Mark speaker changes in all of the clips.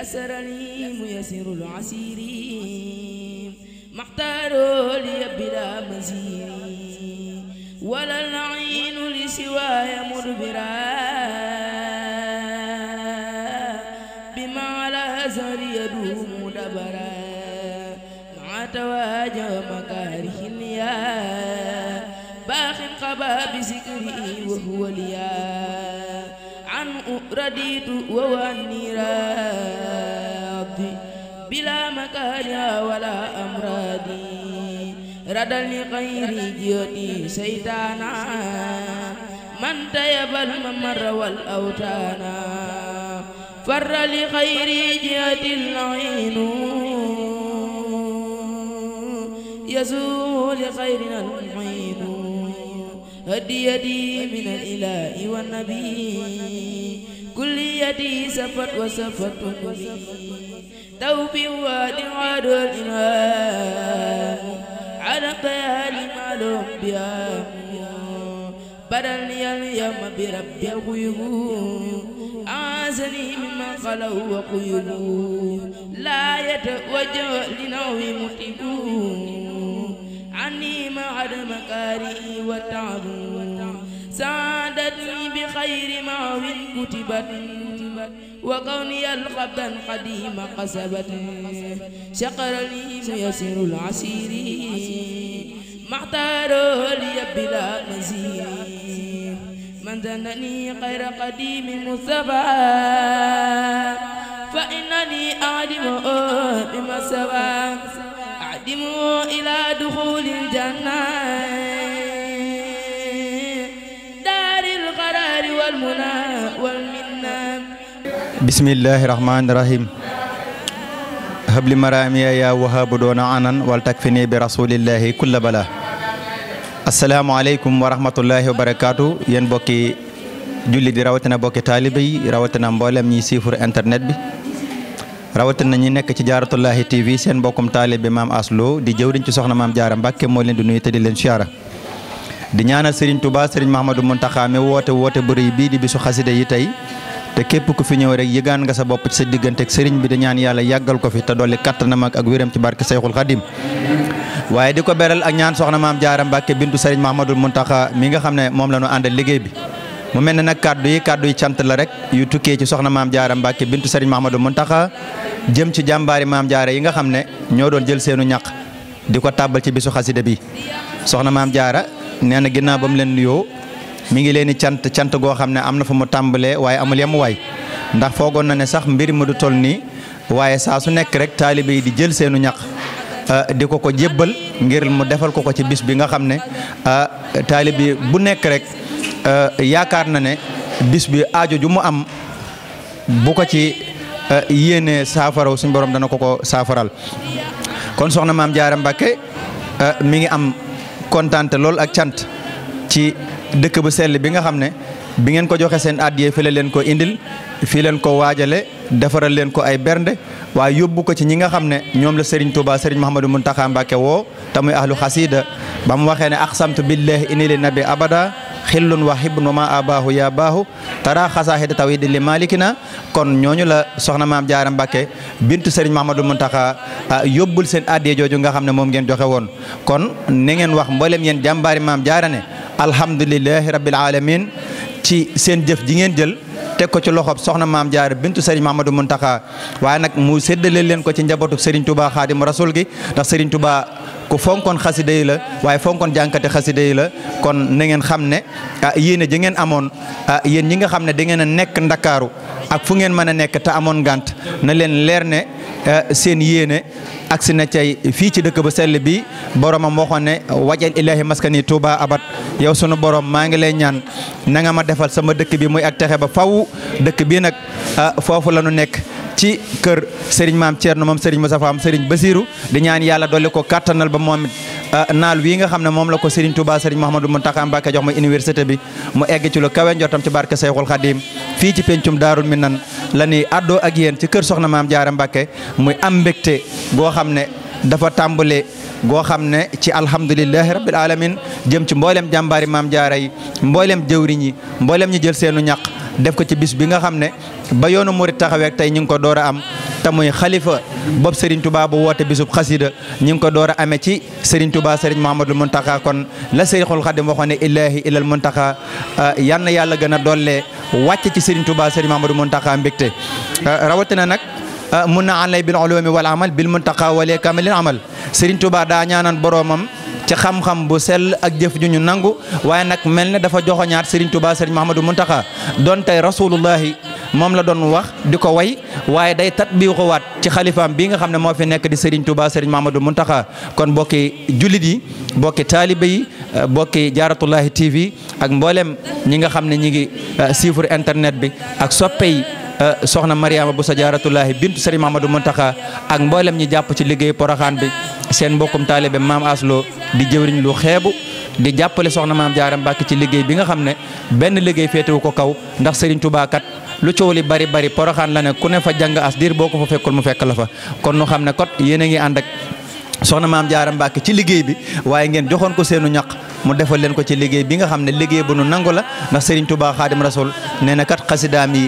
Speaker 1: يسر لي ميسر العسير محتار لي بلا مزير ولا العين لسواي مدبرا بما على زر يدوم دبرا مع تواجه مكاره يا باخ قبا بذكري وهو ليا رديت وواني راضي بلا مكان ولا أمرادي ردا لغير جيوتي سيطانا من تيب الممر والأوتانا فر لغير جيوتي العين يزول لخيرنا المنى هدي يدي من الإله والنبي كل يدي سفت وسفت وسفت توبي واد واد الإمام على قيال معلوم بها بدل اليوم برب الغيوب أعزني مما خلوا وقيوب لا يتوجه لنوم مطيبون عني مع مكاري وتعب سعادتني بخير معو كتبت وكوني الخبدا قديم قسبت شقر لي ميسر العسير ما اختاره لي بلا نزير من ذنني خير قديم مصطفى فإنني أعلم بما سواك وسلموا إلى دخول الجنة دار القرار والمنى والمنى
Speaker 2: بسم الله الرحمن الرحيم هب لي مرامي يا وهاب دون عنن ولتكفني برسول الله كل بلا asalaamaaleykum wa rahmatullahi wa barakaatu yéen bokki julli di rawatina bokki taalibe yi rawatina mboolem ñiy siifur internet bi rawatina ñi nekk ci jaaratullahi TV seen mbokkum taalibe maam Aslo di jëwriñ ci soxna maam jaara Mbàkke moo leen di nuyu te di leen siyaara di ñaanal Serigne Touba Serigne Mahamadou Muntaxa mi woote woote bëri bii di bisu xasida yi tey te képp ku fi ñëw rek yëgaan nga sa bopp ci sa diggante ak sëriñ bi di ñaan yàlla yàggal ko fi te dolli kattanam ak wéram ci barke Seyxul Xadim waaye di ko beral ak ñaan soxna maam jaara Mbàkke bintu Serigne Mahamadou Muntaxa mi nga xam ne moom la ñu àndal liggéey bi mu mel ne nag kàddu yi kàddu yi cant la rek yu tukkee ci soxna maam jaara Mbacke bintu Serigne Mahamadou Muntaxa jëm ci jàmbaari maam jaara yi nga xam ne ñoo doon jël seenu ñaq di ko tàbbal ci bisu xasida bi soxna maam jaara nee na ginnaaw ba mu leen nuyoo mu ngi leen di cant cant goo xam ne am na fu mu tàmbalee waaye amul mu waay ndax foogoon na ne sax mbir mu du toll nii waaye saa su nekk rek taalibe yi di jël seenu ñaq ah, di ko ko jébbal ngir mu defal ko ko ci bis bi nga xam ne ah, taalibe bu nekk rek. Euh, yaakaar na ne bis bi aajo ju mu am bu ko ci euh, yéenee saafara suñ borom dana ko ko saafaral kon soxna maam Jaara Mbàkke euh, mi ngi am kontante lool ak cant ci dëkk ba sell bi nga xam ne bi ngeen ko joxe seen addiyee fi la leen ko indil fii leen ko waajale defaral leen ko ay bernde waaye yóbbu ko ci ñi nga xam ne ñoom la Serigne Touba Serigne Mouhamadou Mountakha Mbacke woo te muy ahlu xasida ba mu waxee ne aqsamtu billahi inni li nabi abada xillun wa xibnu ma abaahu ya baahu tara xasaahida tawhid li malikina kon ñooñu la soxna maam jaara Mbàkke bintu sëriñ Mahamadul Muntaxa ah, yóbbul seen addiye jooju nga xam ne moom ngeen joxe woon kon na ngeen wax mbolem yéen jàmbaari maam jaara ne alhamdulilahi rabbi alamin ci seen jëf ji ngeen jël teg ko ci loxob soxna maam Jaara bintu sëriñ Mamadou Muntaxa waaye nag mu séddale leen ko ci njabootu sëriñ Touba xaadim rasul gi ndax sëriñ Touba ko fonkoon xasida yi la waaye fonkoon jànkate xasida yi la kon na ngeen xam ne ah yéene ji ngeen amoon ah yéen ñi nga xam ne da ngeen a nekk ndakaaru ak fu ngeen mën a nekk te amoon ngant na leen leer ne ah, seen yéene agsi na cay fii ci dëkk ba sell bi boromam waxoon ne wajal ilaahi maskani Touba abat yow sunu borom maa ngi lay ñaan na nga ma defal sama dëkk bi muy ak texe ba faw dëkk bii nag ah, foofu la nu nekk ci kër Serigne maam Thierno moom Serigne Moussa Fam Serigne Basirou di ñaan yàlla doole ko kattanal ba moom it ah, naal wii nga xam ne moom la ko Serigne Touba du Mouhamadou Mountakha Mbacké jox ma université bi mu egg ci lu kawe njortam ci barke Seyxul Xadim fii ci pencum Daarul Minan la ñuy àddoo ak yéen ci kër soxna maam Jaara Mbacké muy am mbégte boo xam ne dafa tàmbalee. goo xam ne ci alhamdulilahi rabbil alamin jëm ci mboolem jàmbaari maam jaara yi mboolem jëwriñ yi mboolem ñi jël seenu ñaq def ko ci bis bi nga xam ne ba yoonu murit taxawee tey ñu ngi ko door am te muy xalifa bopp seriñ Touba bu woote bisub xasida ñu ngi ko door a amee ci seriñ Touba Serigne mun Mountakha kon la Serigne Khadim waxoon ne illaahi ilal Mountakha yan yàlla gën a dollee wàcc ci Serigne Touba Serigne Mouhamadul Mountakha mbégte rawatina nag. Ah, mun na alay bil ulumi wal amal bil muntaqa wale kamilil amal Serigne Touba daa ñaanaan boroomam ci xam-xam bu sell ak jëf ju ñu nangu waaye nag mel ne dafa joxoñaat Serigne Touba Serigne Mahamadou Muntaqa doon tey rasulullahi moom la doon wax di ko way waaye day tat bi waat ci xalifaam bii nga xam ne moo fi nekk di seriñ Touba Serigne Mahamadou Muntaqa kon bokki jullit yi bokki taalibe yi ah, bokki jaaratullahi TV ak mboolem ñi nga xam ne ñi ngi ah, suivre internet bi ak soppe Euh, soxna Mariama bu sa jaaratullahi bintu Sëriñ Mamadou Muntaxa ak mboolem ñi jàpp ci liggéey Poroxaan bi seen mbokkum taalibe maam Aslo di jëwriñ lu xeebu di jàppale soxna maam Jaara Mbàkke ci liggéey bi nga xam ne benn liggéey féetewu ko kaw ndax Sëriñ Tuubaa kat lu coow li bari bari Poroxaan la ne ku ne fa jàng as diir boo ko fa fekkul mu fekk la fa kon nu xam ne kot yéen a ngi ànd ak soxna maam Jaara Mbàkke ci liggéey bi waaye ngeen joxoon ko seenu ñaq mu defal leen ko ci liggéey bi nga xam ne liggéey bu nu nangu la ndax Serigne Touba Xaadim Rasul nee na kat xasidaam yi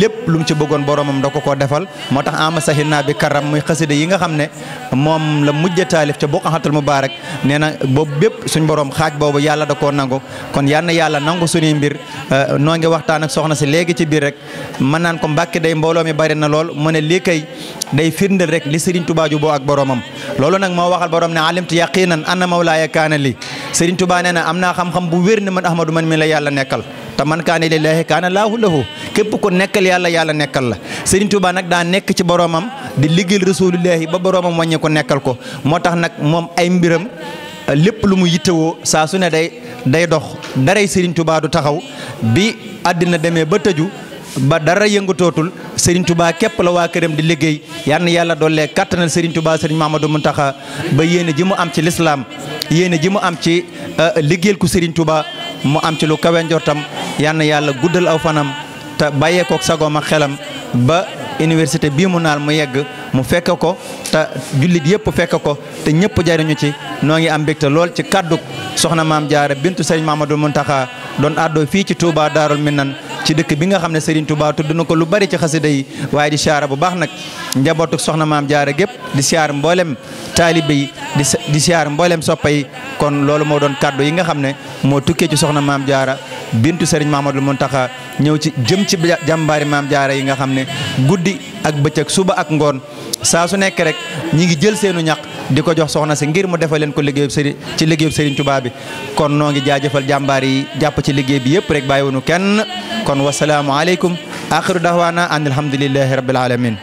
Speaker 2: lépp lu mu ci bëggoon boromam da ko koo defal moo tax ama naa bi karam muy xasida yi nga xam ne moom la mujj taalif ca Buqatul Mubarak nee na boobu bépp suñ borom xaaj boobu yàlla da koo nangu kon yal na yàlla nangu suñuy mbir euh, noo ngi waxtaan ak soxna si léegi ci biir rek mën naan ko mbàkki day mbooloo mi bari na lool mu ne lii day firndeel rek li Serigne Touba boo ak boromam loolu nag moo waxal borom ne alimtu yaqinan anna mawlaaya kaana li Serigne Touba nee na am naa xam-xam bu wér ne man Ahmadou man mi la yàlla nekkal te man kaana lillaahi kaana laahu lahu képp ko nekkal yàlla yàlla nekkal la Serigne Touba nag daa nekk ci boromam di liggéeyal rasulillahi ba boromam wàññi ko nekkal ko moo tax nag moom ay mbiram eh, lépp lu mu yittewoo saa su ne day day dox daray Serigne Touba du taxaw bi àddina demee ba tëju ba dara yëngatootul Serigne Touba képp la waa këram di liggéey yal na yàlla doole kattanal Serigne Touba Serigne Mamadou Mountakha ba yéene ji mu am ci lislaam yéene ji mu am ci euh, liggéeyal ku Serigne Touba mu am ci lu kawe njortam yal yàlla guddal aw fanam te bàyyeekook sagoom ak xelam ba université bii mu naal mu yegg mu fekk ko te jullit yëpp fekk ko te ñëpp jariñu ci noo ngi am mbégte lool ci kàddu soxna maam jaara bintu Serigne Mamadou Mountakha doon àddoo fii ci ci dëkk bi nga xam ne Serigne Touba tudd na ko lu bari ci xasida yi waaye di siyaara bu baax nag njabootu soxna maam jaara gépp di siyaar mboolem taalibe yi di di siyaar mboolem soppa yi kon loolu moo doon kàddu yi nga xam ne moo tukkee ci soxna maam jaara bintu Serigne Mahamadul Muntaxa ñëw ci jëm ci jàmbaari maam jaara yi nga xam ne guddi ak bëccëg suba ak ngoon saa su nekk rek ñi ngi jël seenu ñaq di ko jox soxna si ngir mu defal leen ko liggéeyub sëriñ ci liggéeyub sëriñ Tuubaa bi kon noo ngi jaajëfal jàmbaar yi jàpp ci liggéey bi yëpp rek wunu kenn kon wasalaamu aleykum axiru dahwaana an alhamdulilahi rabbil alamin